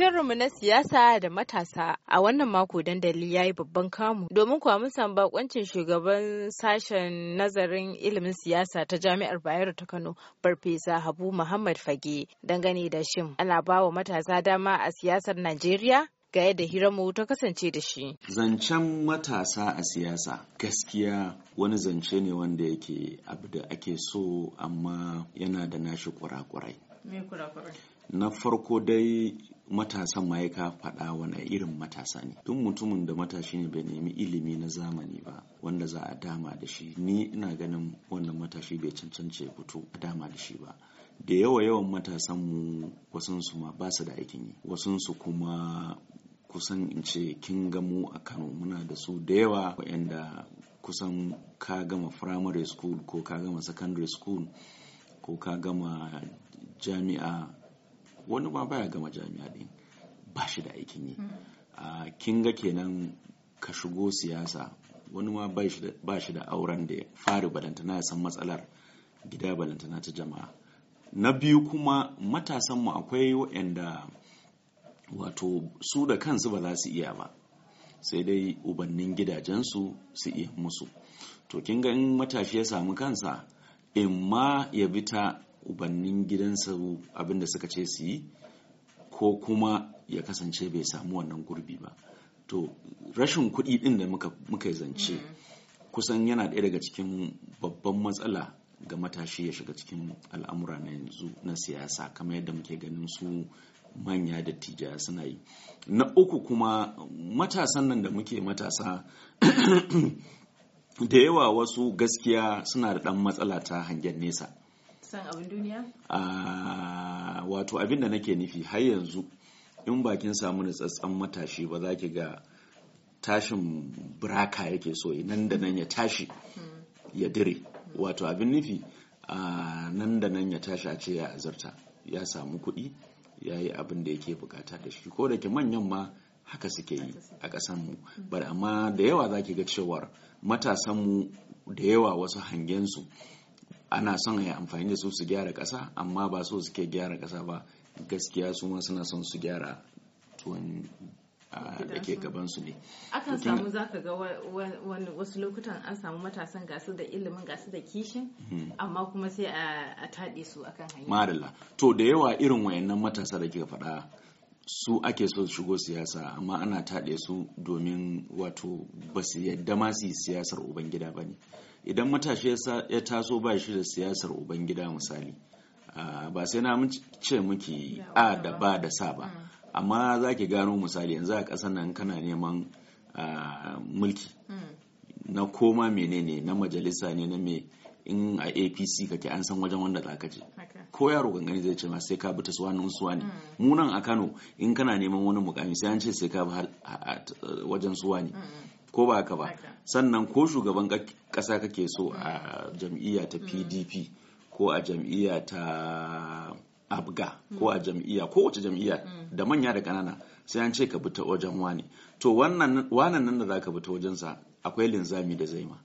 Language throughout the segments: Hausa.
mu na siyasa da matasa a wannan mako dandali ya yi babban kamu domin kuwa mun shugaban sashen nazarin ilimin siyasa ta jami'ar Bayero ta Kano Farfesa Habu Muhammad Fage dangane da shin ana ba wa matasa dama a siyasar Najeriya? ga yadda hiramu ta kasance da shi. Zancen matasa a siyasa gaskiya wani zance ne wanda yake abu da ake so amma yana da nashi kurakurai. kurakurai? Na farko dai matasan ma ka faɗa wani irin matasa ne Tun mutumin da matashi ne bai nemi ilimi na zamani ba wanda za a dama da shi ni ina ganin wannan matashi bai cancanci ya fito a dama da shi ba da yawa yawan matasanmu su ma ba su da aikin yi wasunsu kuma kusan in ce kin gamu a kano muna da su da yawa waɗanda kusan ka gama primary school ko ka gama secondary school ko ka gama jami'a wani ma baya gama jami'a din ba shi da aikin yi A kin ga kenan ka shigo siyasa wani ma ba shi da auren da fari balantana ya san matsalar gida balantana ta jama'a na biyu kuma matasanmu akwai waɗanda wato su da kansu ba za su iya ba sai dai ubannin gidajensu su iya musu to kin ga in matashi ya samu kansa in ma ya bi ta ubannin gidansu abinda suka ce su yi ko kuma ya kasance bai samu wannan gurbi ba to rashin kuɗi ɗin da muka zance mm. kusan yana ɗaya daga cikin babban matsala ga matashi ya shiga cikin al'amura na yanzu na siyasa kamar yadda muke ganin su manya da tija suna yi na uku kuma matasan nan da muke matasa da yawa wasu gaskiya suna da ɗan matsala ta hangen nesa san abin duniya? wato abin da nake nufi har yanzu in bakin samu da tsatsan matashi ba za ki ga tashin buraka yake so nan da nan ya tashi ya dire wato abin nufi nan da nan ya tashi a ce ya azurta ya samu kuɗi ya yi abin da yake bukata da shi ko da ke manyan ma haka suke yi a ƙasanmu bari amma da yawa za ki ga cewar matasanmu da yawa wasu hangensu ana son ya amfani da su su gyara kasa amma ba so suke gyara ƙasa ba gaskiya su ma suna son su gyara tuwon da ke gabansu ne akan samu za ka ga wasu lokutan an samu matasan gasu da ilimin gasu da kishin mhm. amma kuma sai a taɗe su akan hanya marilla to da yawa irin wayannan matasa da ke faɗa su ake so su shigo siyasa amma ana taɗe su domin wato ba su yadda ma yi siyasar ubangida ba ne idan matashi ya taso ba shi da siyasar ubangida misali ba sai na ce miki a da ba da sa ba amma za ki gano misali yanzu a ƙasar nan kana neman mulki na koma menene na majalisa ne na me in a apc kake an san wajen wanda za ka je ko yaro gangani zai ce ma sai ka bi ta suwanin suwani munan a kano in kana neman wani mukami sai an ce sai ka bi wajen suwa ko ba haka ba sannan ko shugaban kasa kake so a jam'iyya ta pdp ko a jam'iyya ta abga ko a jam'iyya wace jam'iyya mm. da manya da ƙanana sai an ce ka bi ta wajen wani to wannan nan da za ka bi ta wajensa akwai linzami da zai ma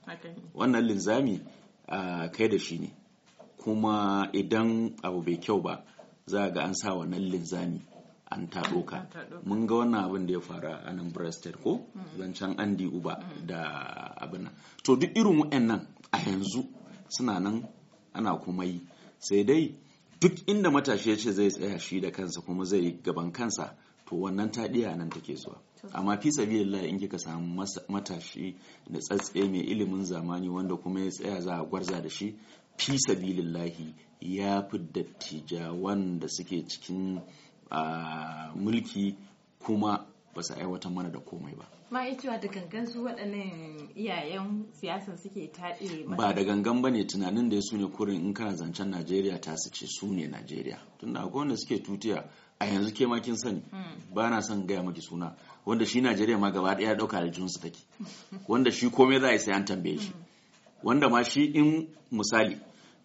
wannan linzami kai da shi ne kuma idan abu bai kyau ba za ga an sa wannan linzami an taɗo ka mun ga wannan abin da ya faru a nan state ko zancen andi uba da abin nan to duk irin wa'annan a yanzu suna nan ana kuma yi sai dai duk inda matashi ya ce zai tsaya shi da kansa kuma zai yi gaban kansa to wannan taɗiya nan take zuwa amma fi sabilillah in kika samu matashi da tsatse mai ilimin zamani wanda kuma ya tsaya za a gwarza da shi fi sabilillahi ya fi dattija wanda suke cikin mulki kuma ba su aiwatar mana da komai ba. Ma cewa da gangan su waɗannan iyayen siyasa suke taɗe Ba da gangan ba ne tunanin da su ne kurin in kana zancen Najeriya ta su ce su ne Najeriya. Tunda akwai wanda suke tutiya a yanzu ke ma kin sani hmm. ba na son gaya maki suna wanda shi Najeriya ma gaba ɗaya ɗauka da jinsu take wanda shi komai za a yi sai an tambaye shi hmm. wanda ma shi in misali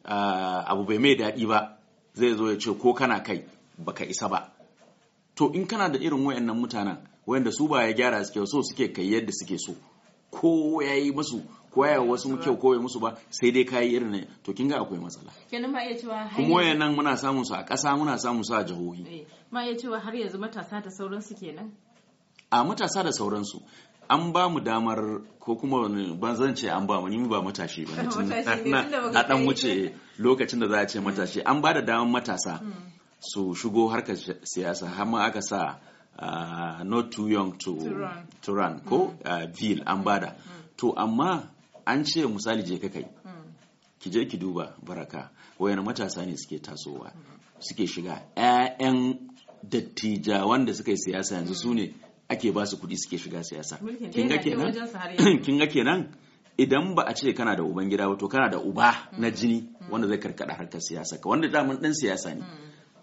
abu bai mai daɗi ba zai zo ya ce ko kana kai baka isa ba to in kana da irin wayannan mutanen wayanda su ba ya gyara suke so suke kai yadda suke so ko ya yi musu ko ya wasu kyau ko ya musu ba sai dai kayi irin ne to kin ga akwai matsala kenan ma iya cewa kuma wayannan muna samun su a ƙasa muna samun su a jihohi eh, ma iya cewa har yanzu matasa da su kenan a matasa da sauransu an ba mu damar ko kuma ban zan ce an ba mu ni ba matashi ba a dan wuce lokacin da za a ce matashi an ba da damar matasa hmm. su shigo harkar siyasa har ma aka sa ah, not too young to, to run ko bill mm. ah, an bada mm. to amma an ce misali je kai mm. ki je ki duba baraka wayan matasa ne suke tasowa suke shiga 'ya'yan dattija wanda suka yi siyasa yanzu su ne ake ba su kuɗi suke shiga siyasa kin ga kenan idan ba a ce kana da Ubangida gida ba to kana da uba na jini wanda zai karkada harkar siyasa ka wanda daman dan siyasa ne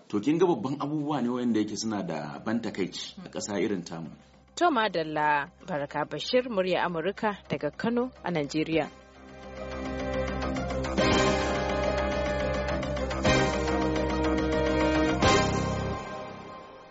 to kin ga babban abubuwa ne wanda yake suna da ban takaici a ƙasa irin tamu to madalla baraka bashir murya amurka daga kano a najeriya